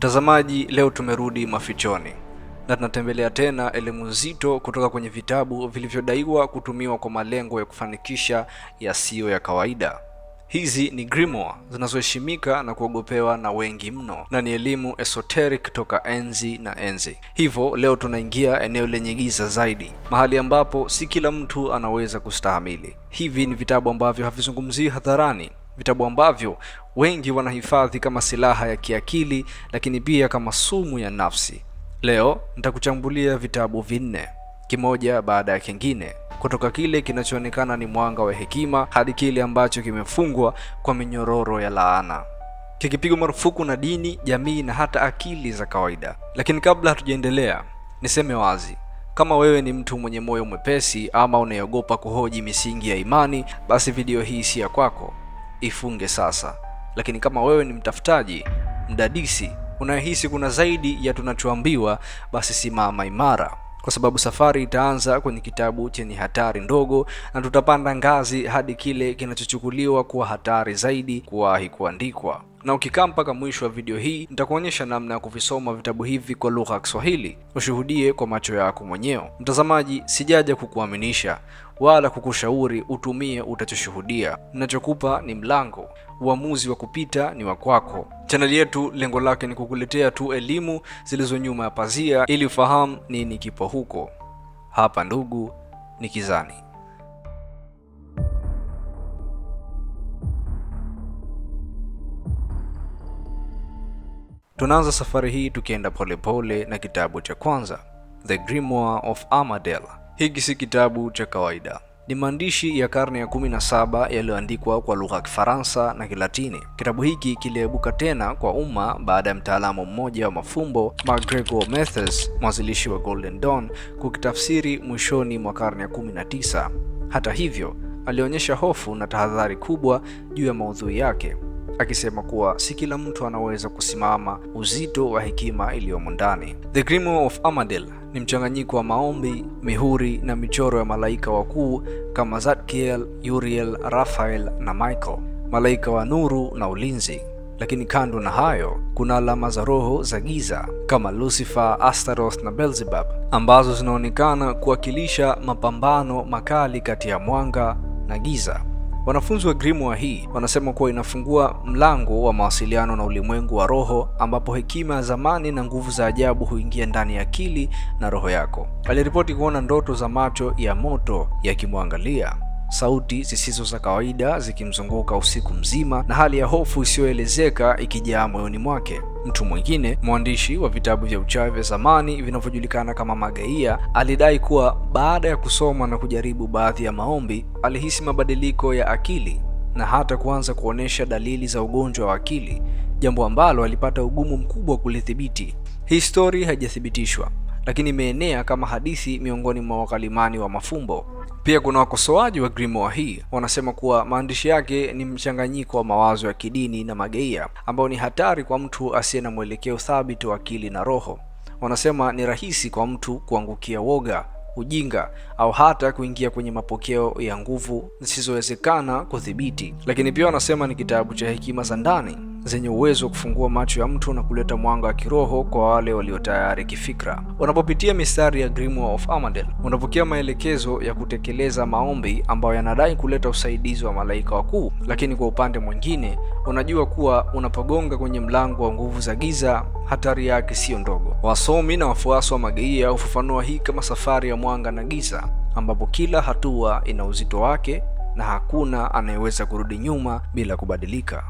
Mtazamaji, leo tumerudi mafichoni na tunatembelea tena elimu nzito kutoka kwenye vitabu vilivyodaiwa kutumiwa kwa malengo ya kufanikisha yasiyo ya kawaida. Hizi ni grimoire zinazoheshimika na kuogopewa na wengi mno, na ni elimu esoteric toka enzi na enzi. Hivyo leo tunaingia eneo lenye giza zaidi, mahali ambapo si kila mtu anaweza kustahamili. Hivi ni vitabu ambavyo havizungumzii hadharani, vitabu ambavyo wengi wanahifadhi kama silaha ya kiakili, lakini pia kama sumu ya nafsi. Leo nitakuchambulia vitabu vinne, kimoja baada ya kingine, kutoka kile kinachoonekana ni mwanga wa hekima hadi kile ambacho kimefungwa kwa minyororo ya laana, kikipigwa marufuku na dini, jamii na hata akili za kawaida. Lakini kabla hatujaendelea, niseme wazi kama wewe ni mtu mwenye moyo mwepesi ama unayeogopa kuhoji misingi ya imani, basi video hii si ya kwako ifunge sasa. Lakini kama wewe ni mtafutaji, mdadisi, unayehisi kuna zaidi ya tunachoambiwa, basi simama imara, kwa sababu safari itaanza kwenye kitabu chenye hatari ndogo, na tutapanda ngazi hadi kile kinachochukuliwa kuwa hatari zaidi kuwahi kuandikwa. Na ukikaa mpaka mwisho wa video hii, nitakuonyesha namna ya kuvisoma vitabu hivi kwa lugha ya Kiswahili, ushuhudie kwa macho yako mwenyewe. Mtazamaji, sijaja kukuaminisha wala kukushauri utumie utachoshuhudia. Ninachokupa ni mlango, uamuzi wa kupita ni wa kwako. Chaneli yetu lengo lake ni kukuletea tu elimu zilizo nyuma ya pazia, ili ufahamu nini kipo huko. Hapa ndugu, ni Kizani. Tunaanza safari hii tukienda polepole na kitabu cha kwanza, The Grimoire of Armadale hiki si kitabu cha kawaida. Ni maandishi ya karne ya 17 yaliyoandikwa kwa lugha ya Kifaransa na Kilatini. Kitabu hiki kiliibuka tena kwa umma baada ya mtaalamu mmoja wa mafumbo MacGregor Mathers, mwanzilishi wa Golden Dawn, kukitafsiri mwishoni mwa karne ya 19. Hata hivyo, alionyesha hofu na tahadhari kubwa juu ya maudhui yake akisema kuwa si kila mtu anaweza kusimama uzito wa hekima iliyomo ndani. The Grim of Amadel ni mchanganyiko wa maombi, mihuri na michoro ya malaika wakuu kama Zadkiel, Uriel, Raphael na Michael, malaika wa nuru na ulinzi. Lakini kando na hayo, kuna alama za roho za giza kama Lucifer, Astaroth na Beelzebub ambazo zinaonekana kuwakilisha mapambano makali kati ya mwanga na giza. Wanafunzi wa Grimoire hii wanasema kuwa inafungua mlango wa mawasiliano na ulimwengu wa roho, ambapo hekima ya zamani na nguvu za ajabu huingia ndani ya akili na roho yako. Aliripoti kuona ndoto za macho ya moto yakimwangalia sauti zisizo za kawaida zikimzunguka usiku mzima na hali ya hofu isiyoelezeka ikijaa moyoni mwake. Mtu mwingine, mwandishi wa vitabu vya uchawi vya zamani vinavyojulikana kama magaia, alidai kuwa baada ya kusoma na kujaribu baadhi ya maombi, alihisi mabadiliko ya akili na hata kuanza kuonesha dalili za ugonjwa wa akili, jambo ambalo alipata ugumu mkubwa kulithibiti Histori haijathibitishwa lakini imeenea kama hadithi miongoni mwa wakalimani wa mafumbo. Pia kuna wakosoaji wa grimoire hii wanasema kuwa maandishi yake ni mchanganyiko wa mawazo ya kidini na mageia, ambayo ni hatari kwa mtu asiye na mwelekeo thabiti wa akili na roho. Wanasema ni rahisi kwa mtu kuangukia woga, ujinga au hata kuingia kwenye mapokeo ya nguvu zisizowezekana kudhibiti. Lakini pia wanasema ni kitabu cha hekima za ndani zenye uwezo wa kufungua macho ya mtu na kuleta mwanga wa kiroho kwa wale walio tayari kifikra. Unapopitia mistari ya Grimoire of Amadel, unapokea maelekezo ya kutekeleza maombi ambayo yanadai kuleta usaidizi wa malaika wakuu, lakini kwa upande mwingine unajua kuwa unapogonga kwenye mlango wa nguvu za giza, hatari yake siyo ndogo. Wasomi na wafuasi wa mageia hufafanua hii kama safari ya mwanga na giza, ambapo kila hatua ina uzito wake na hakuna anayeweza kurudi nyuma bila kubadilika.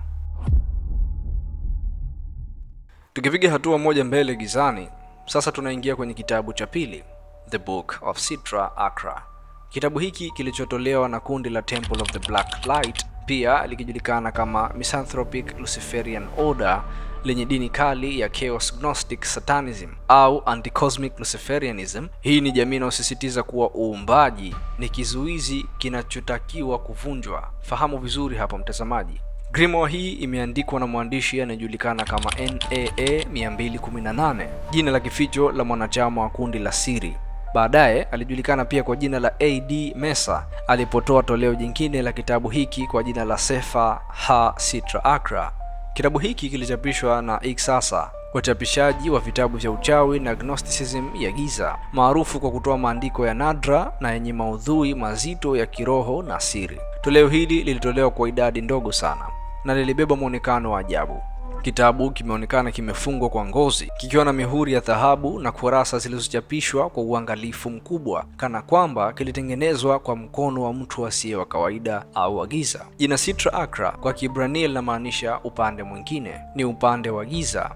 Tukipiga hatua moja mbele gizani, sasa tunaingia kwenye kitabu cha pili, The Book of Sitra Akra. Kitabu hiki kilichotolewa na kundi la Temple of the Black Light, pia likijulikana kama Misanthropic Luciferian Order, lenye dini kali ya Chaos Gnostic Satanism au Anticosmic Luciferianism. Hii ni jamii inayosisitiza kuwa uumbaji ni kizuizi kinachotakiwa kuvunjwa. Fahamu vizuri hapo mtazamaji. Grimoire hii imeandikwa na mwandishi anayejulikana kama NAA 218, jina la kificho la mwanachama wa kundi la siri. Baadaye alijulikana pia kwa jina la AD Mesa alipotoa toleo jingine la kitabu hiki kwa jina la Sefa Ha Sitra Akra. Kitabu hiki kilichapishwa na Iksasa, wachapishaji wa vitabu vya uchawi na agnosticism ya Giza, maarufu kwa kutoa maandiko ya nadra na yenye maudhui mazito ya kiroho na siri. Toleo hili lilitolewa kwa idadi ndogo sana na lilibeba mwonekano wa ajabu. Kitabu kimeonekana kimefungwa kwa ngozi kikiwa na mihuri ya dhahabu na kurasa zilizochapishwa kwa uangalifu mkubwa, kana kwamba kilitengenezwa kwa mkono wa mtu asiye wa kawaida au wa giza. Jina Sitra Akra kwa Kibrania linamaanisha upande mwingine, ni upande wa giza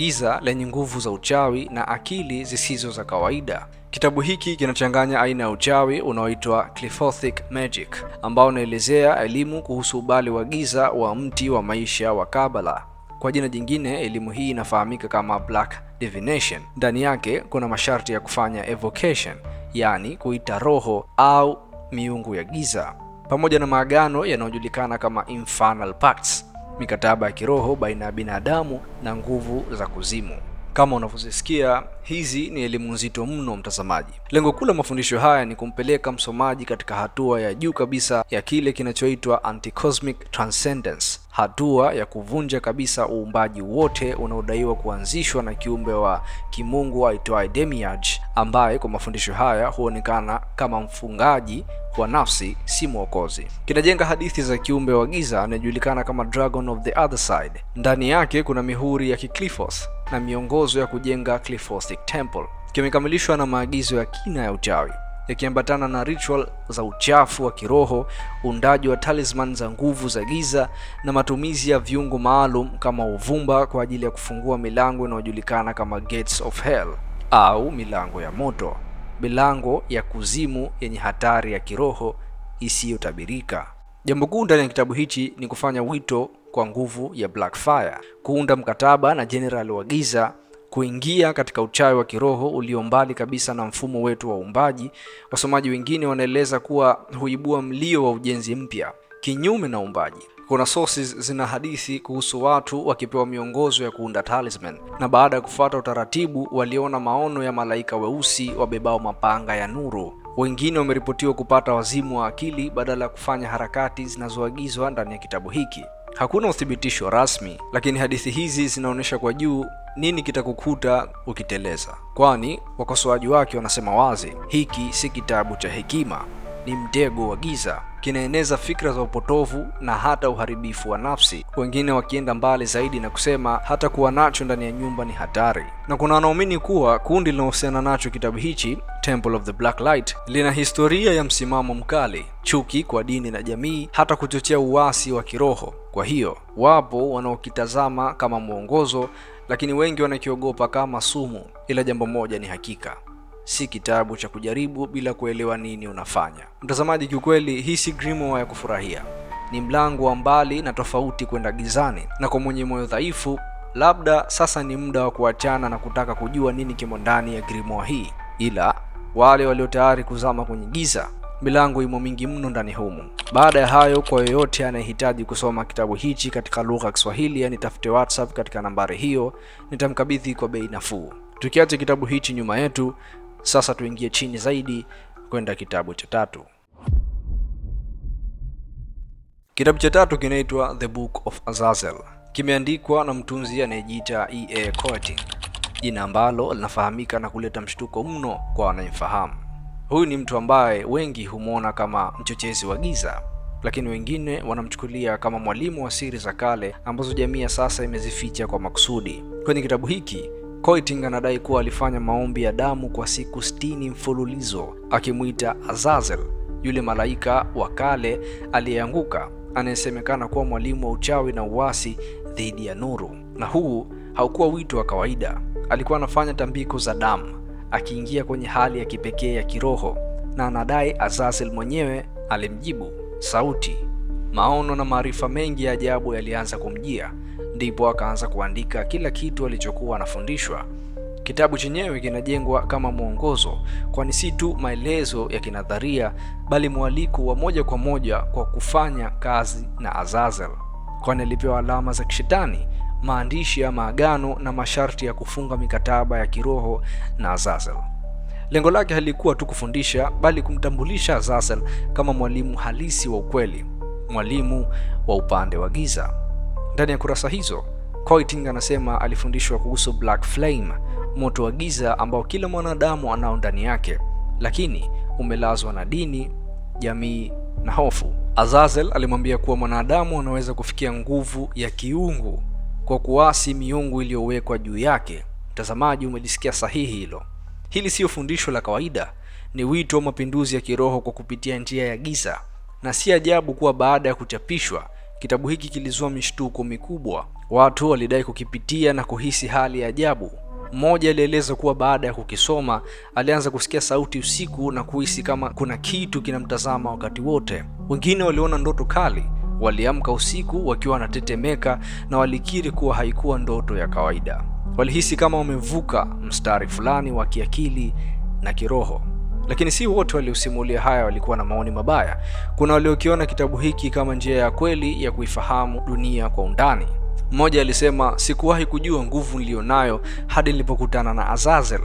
giza lenye nguvu za uchawi na akili zisizo za kawaida. Kitabu hiki kinachanganya aina ya uchawi unaoitwa Clifothic Magic ambao unaelezea elimu kuhusu ubali wa giza wa mti wa maisha wa Kabbalah. Kwa jina jingine, elimu hii inafahamika kama Black Divination. Ndani yake kuna masharti ya kufanya evocation, yaani kuita roho au miungu ya giza, pamoja na maagano yanayojulikana kama infernal pacts mikataba ya kiroho baina ya binadamu na nguvu za kuzimu. Kama unavyozisikia, hizi ni elimu nzito mno, mtazamaji. Lengo kuu la mafundisho haya ni kumpeleka msomaji katika hatua ya juu kabisa ya kile kinachoitwa anticosmic transcendence hatua ya kuvunja kabisa uumbaji wote unaodaiwa kuanzishwa na kiumbe wa kimungu aitwaye Demiurge, ambaye kwa mafundisho haya huonekana kama mfungaji wa nafsi, si mwokozi. Kinajenga hadithi za kiumbe wa giza anayejulikana kama Dragon of the Other Side. Ndani yake kuna mihuri ya Kiklifos na miongozo ya kujenga Clifostic Temple. Kimekamilishwa na maagizo ya kina ya uchawi yakiambatana na ritual za uchafu wa kiroho, uundaji wa talisman za nguvu za giza na matumizi ya viungo maalum kama uvumba kwa ajili ya kufungua milango inayojulikana kama gates of hell au milango ya moto, milango ya kuzimu yenye hatari ya kiroho isiyotabirika. Jambo kuu ndani ya kitabu hichi ni kufanya wito kwa nguvu ya Blackfire, kuunda mkataba na General wa Giza kuingia katika uchawi wa kiroho ulio mbali kabisa na mfumo wetu wa uumbaji. Wasomaji wengine wanaeleza kuwa huibua mlio wa ujenzi mpya kinyume na uumbaji. Kuna sources zina hadithi kuhusu watu wakipewa miongozo ya kuunda talisman na baada ya kufuata utaratibu, waliona maono ya malaika weusi wabebao mapanga ya nuru. Wengine wameripotiwa kupata wazimu wa akili badala ya kufanya harakati zinazoagizwa ndani ya kitabu hiki hakuna uthibitisho rasmi, lakini hadithi hizi zinaonyesha kwa juu nini kitakukuta ukiteleza, kwani wakosoaji wake wanasema wazi, hiki si kitabu cha hekima, ni mtego wa giza kinaeneza fikra za upotovu na hata uharibifu wa nafsi, wengine wakienda mbali zaidi na kusema hata kuwa nacho ndani ya nyumba ni hatari. Na kuna wanaamini kuwa kundi linalohusiana nacho kitabu hichi Temple of the Black Light lina historia ya msimamo mkali, chuki kwa dini na jamii, hata kuchochea uasi wa kiroho. Kwa hiyo wapo wanaokitazama kama mwongozo, lakini wengi wanakiogopa kama sumu. Ila jambo moja ni hakika, si kitabu cha kujaribu bila kuelewa nini unafanya. Mtazamaji, kiukweli hii si grimoire ya kufurahia, ni mlango wa mbali na tofauti kwenda gizani, na kwa mwenye moyo dhaifu, labda sasa ni muda wa kuachana na kutaka kujua nini kimo ndani ya grimoire hii, ila wale walio tayari kuzama kwenye giza milango imo mingi mno ndani humu. Baada ya hayo, kwa yoyote anayehitaji kusoma kitabu hichi katika lugha ya Kiswahili, yani tafute WhatsApp katika nambari hiyo, nitamkabidhi kwa bei nafuu. Tukiacha kitabu hichi nyuma yetu, sasa tuingie chini zaidi kwenda kitabu cha tatu. Kitabu cha tatu kinaitwa The Book of Azazel, kimeandikwa na mtunzi anayejiita E.A. Coeting, jina ambalo linafahamika na kuleta mshtuko mno kwa wanayemfahamu. Huyu ni mtu ambaye wengi humwona kama mchochezi wa giza, lakini wengine wanamchukulia kama mwalimu wa siri za kale ambazo jamii ya sasa imezificha kwa makusudi. Kwenye kitabu hiki Koiting anadai kuwa alifanya maombi ya damu kwa siku stini mfululizo akimwita Azazel, yule malaika wa kale aliyeanguka anayesemekana kuwa mwalimu wa uchawi na uasi dhidi ya nuru. Na huu haukuwa wito wa kawaida. Alikuwa anafanya tambiko za damu, akiingia kwenye hali ya kipekee ya kiroho, na anadai Azazel mwenyewe alimjibu. Sauti, maono na maarifa mengi ya ajabu yalianza kumjia, ndipo akaanza kuandika kila kitu alichokuwa anafundishwa. Kitabu chenyewe kinajengwa kama mwongozo, kwani si tu maelezo ya kinadharia, bali mwaliko wa moja kwa moja kwa kufanya kazi na Azazel, kwani alipewa alama za kishetani, maandishi ya maagano na masharti ya kufunga mikataba ya kiroho na Azazel. Lengo lake halikuwa tu kufundisha, bali kumtambulisha Azazel kama mwalimu halisi wa ukweli, mwalimu wa upande wa giza. Ndani ya kurasa hizo, Keating anasema alifundishwa kuhusu Black Flame, moto wa giza ambao kila mwanadamu anao ndani yake, lakini umelazwa na dini, jamii na hofu. Azazel alimwambia kuwa mwanadamu anaweza kufikia nguvu ya kiungu kwa kuasi miungu iliyowekwa juu yake. Mtazamaji, umelisikia sahihi hilo. Hili siyo fundisho la kawaida, ni wito wa mapinduzi ya kiroho kwa kupitia njia ya giza, na si ajabu kuwa baada ya kuchapishwa Kitabu hiki kilizua mishtuko mikubwa. Watu walidai kukipitia na kuhisi hali ya ajabu. Mmoja alieleza kuwa baada ya kukisoma alianza kusikia sauti usiku na kuhisi kama kuna kitu kinamtazama wakati wote. Wengine waliona ndoto kali, waliamka usiku wakiwa wanatetemeka na walikiri kuwa haikuwa ndoto ya kawaida. Walihisi kama wamevuka mstari fulani wa kiakili na kiroho. Lakini si wote waliosimulia haya walikuwa na maoni mabaya. Kuna waliokiona kitabu hiki kama njia ya kweli ya kuifahamu dunia kwa undani. Mmoja alisema, sikuwahi kujua nguvu niliyonayo hadi nilipokutana na Azazel.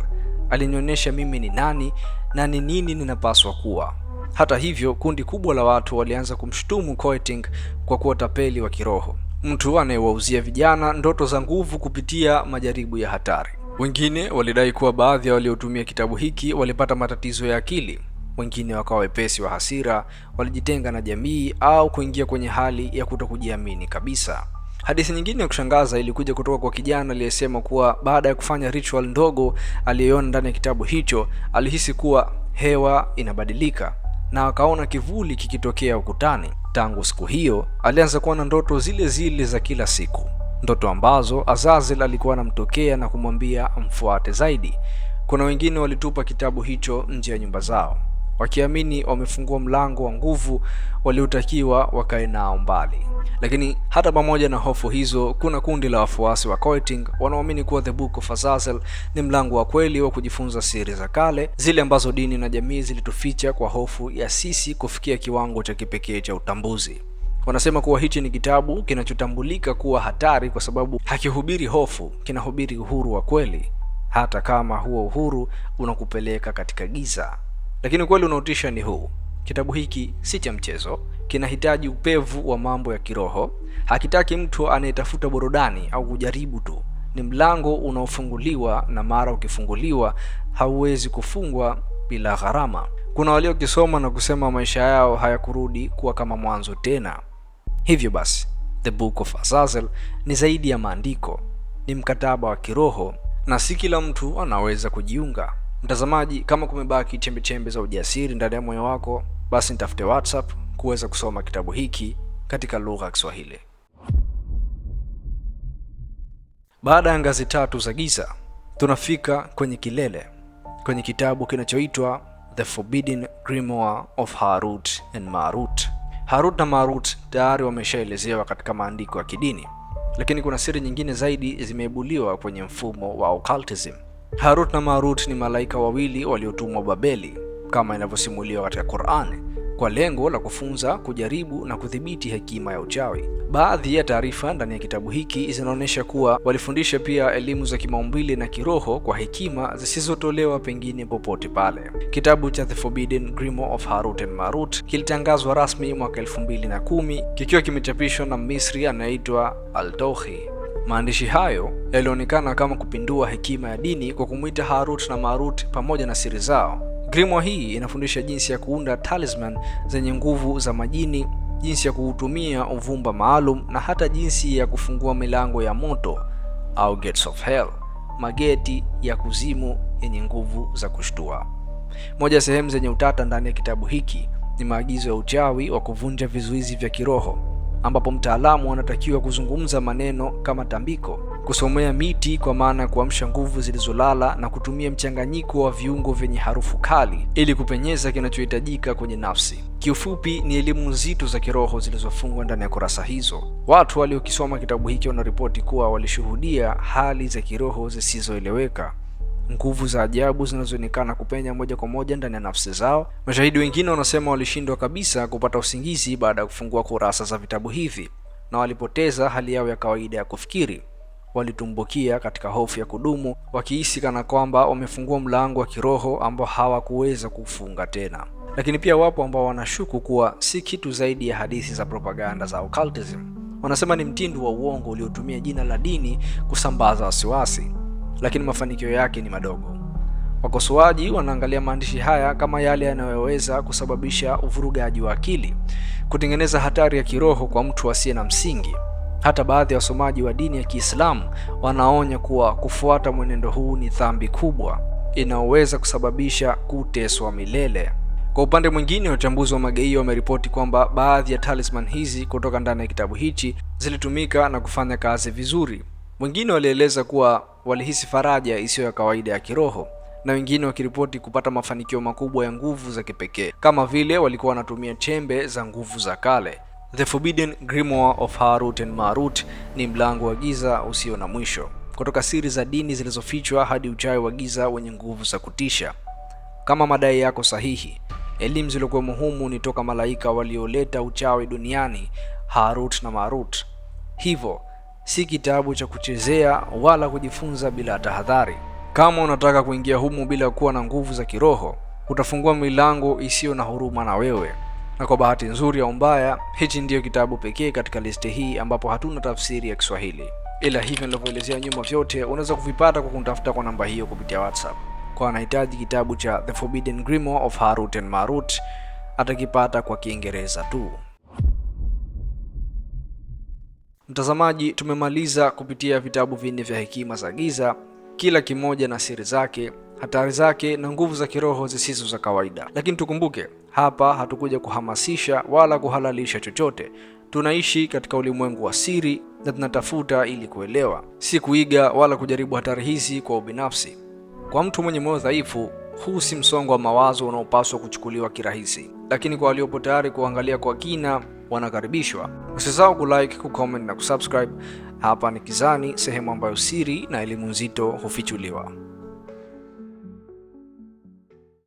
Alinionyesha mimi ni nani na ni nini ninapaswa kuwa. Hata hivyo, kundi kubwa la watu walianza kumshutumu Keating kwa kuwa tapeli wa kiroho, mtu anayewauzia vijana ndoto za nguvu kupitia majaribu ya hatari. Wengine walidai kuwa baadhi ya waliotumia kitabu hiki walipata matatizo ya akili, wengine wakawa wepesi wa hasira, walijitenga na jamii au kuingia kwenye hali ya kuto kujiamini kabisa. Hadithi nyingine ya kushangaza ilikuja kutoka kwa kijana aliyesema kuwa baada ya kufanya ritual ndogo aliyoona ndani ya kitabu hicho, alihisi kuwa hewa inabadilika na akaona kivuli kikitokea ukutani. Tangu siku hiyo alianza kuwa na ndoto zile zile za kila siku ndoto ambazo Azazel alikuwa anamtokea na kumwambia amfuate zaidi. Kuna wengine walitupa kitabu hicho nje ya nyumba zao wakiamini wamefungua mlango wa nguvu waliotakiwa wakae nao mbali. Lakini hata pamoja na hofu hizo, kuna kundi la wafuasi wa Coiting wanaoamini kuwa The Book of Azazel ni mlango wa kweli wa kujifunza siri za kale, zile ambazo dini na jamii zilituficha kwa hofu ya sisi kufikia kiwango cha kipekee cha utambuzi. Wanasema kuwa hichi ni kitabu kinachotambulika kuwa hatari kwa sababu hakihubiri hofu, kinahubiri uhuru wa kweli, hata kama huo uhuru unakupeleka katika giza. Lakini ukweli unaotisha ni huu: kitabu hiki si cha mchezo, kinahitaji upevu wa mambo ya kiroho. Hakitaki mtu anayetafuta burudani au kujaribu tu. Ni mlango unaofunguliwa, na mara ukifunguliwa hauwezi kufungwa bila gharama. Kuna waliokisoma na kusema maisha yao hayakurudi kuwa kama mwanzo tena. Hivyo basi, The Book of Azazel ni zaidi ya maandiko, ni mkataba wa kiroho na si kila mtu anaweza kujiunga. Mtazamaji, kama kumebaki chembechembe za ujasiri ndani ya moyo wako, basi nitafute WhatsApp kuweza kusoma kitabu hiki katika lugha ya Kiswahili. Baada ya ngazi tatu za giza, tunafika kwenye kilele, kwenye kitabu kinachoitwa The Forbidden Grimoire of Harut and Marut. Harut na Marut tayari wameshaelezewa katika maandiko ya kidini, lakini kuna siri nyingine zaidi zimeibuliwa kwenye mfumo wa occultism. Harut na Marut ni malaika wawili waliotumwa Babeli kama inavyosimuliwa katika Qur'an kwa lengo la kufunza, kujaribu na kudhibiti hekima ya uchawi. Baadhi ya taarifa ndani ya kitabu hiki zinaonyesha kuwa walifundisha pia elimu za kimaumbile na kiroho kwa hekima zisizotolewa pengine popote pale. Kitabu cha The Forbidden Grimoire of Harut and Marut kilitangazwa rasmi mwaka na kumi kikiwa kimechapishwa na Misri anayeitwa altohi Maandishi hayo yalionekana kama kupindua hekima ya dini kwa kumwita Harut na Marut pamoja na siri zao Grimoire hii inafundisha jinsi ya kuunda talisman zenye nguvu za majini, jinsi ya kuutumia uvumba maalum na hata jinsi ya kufungua milango ya moto au gates of hell, mageti ya kuzimu yenye nguvu za kushtua. Moja ya sehemu zenye utata ndani ya kitabu hiki ni maagizo ya uchawi wa kuvunja vizuizi vya kiroho, ambapo mtaalamu anatakiwa kuzungumza maneno kama tambiko kusomea miti kwa maana ya kuamsha nguvu zilizolala na kutumia mchanganyiko wa viungo vyenye harufu kali ili kupenyeza kinachohitajika kwenye nafsi. Kiufupi, ni elimu nzito za kiroho zilizofungwa ndani ya kurasa hizo. Watu waliokisoma kitabu hiki wanaripoti kuwa walishuhudia hali za kiroho zisizoeleweka, nguvu za ajabu zinazoonekana kupenya moja kwa moja ndani ya nafsi zao. Mashahidi wengine wanasema walishindwa kabisa kupata usingizi baada ya kufungua kurasa za vitabu hivi na walipoteza hali yao ya kawaida ya kufikiri walitumbukia katika hofu ya kudumu, wakihisi kana kwamba wamefungua mlango wa kiroho ambao hawakuweza kufunga tena. Lakini pia wapo ambao wanashuku kuwa si kitu zaidi ya hadithi za propaganda za occultism. Wanasema ni mtindo wa uongo uliotumia jina la dini kusambaza wasiwasi, lakini mafanikio yake ni madogo. Wakosoaji wanaangalia maandishi haya kama yale yanayoweza kusababisha uvurugaji wa akili, kutengeneza hatari ya kiroho kwa mtu asiye na msingi. Hata baadhi ya wasomaji wa dini ya Kiislamu wanaonya kuwa kufuata mwenendo huu ni dhambi kubwa inayoweza kusababisha kuteswa milele. Kwa upande mwingine, wachambuzi wa mageio wameripoti kwamba baadhi ya talisman hizi kutoka ndani ya kitabu hichi zilitumika na kufanya kazi vizuri. Wengine walieleza kuwa walihisi faraja isiyo ya kawaida ya kiroho na wengine wakiripoti kupata mafanikio makubwa ya nguvu za kipekee, kama vile walikuwa wanatumia chembe za nguvu za kale. The Forbidden Grimoire of Harut and Marut ni mlango wa giza usio na mwisho, kutoka siri za dini zilizofichwa hadi uchawi wa giza wenye nguvu za kutisha. Kama madai yako sahihi, elimu zilizokuwemo humu ni toka malaika walioleta uchawi duniani, Harut na Marut. Hivyo si kitabu cha kuchezea wala kujifunza bila tahadhari. Kama unataka kuingia humu bila kuwa na nguvu za kiroho, utafungua milango isiyo na huruma na wewe na kwa bahati nzuri au mbaya, hichi ndiyo kitabu pekee katika listi hii ambapo hatuna tafsiri ya Kiswahili, ila hivyo nilivyoelezea nyuma, vyote unaweza kuvipata kwa kunitafuta kwa namba hiyo kupitia WhatsApp. Kwa anahitaji kitabu cha The Forbidden Grimoire of Harut and Marut atakipata kwa Kiingereza tu. Mtazamaji, tumemaliza kupitia vitabu vinne vya hekima za giza, kila kimoja na siri zake, hatari zake na nguvu za kiroho zisizo za kawaida, lakini tukumbuke hapa hatukuja kuhamasisha wala kuhalalisha chochote. Tunaishi katika ulimwengu wa siri na tunatafuta ili kuelewa, si kuiga wala kujaribu hatari hizi kwa ubinafsi. Kwa mtu mwenye moyo dhaifu, huu si msongo wa mawazo unaopaswa kuchukuliwa kirahisi, lakini kwa waliopo tayari kuangalia kwa kina wanakaribishwa. Usisahau kulike, kucomment na kusubscribe. Hapa ni Kizani, sehemu ambayo siri na elimu nzito hufichuliwa.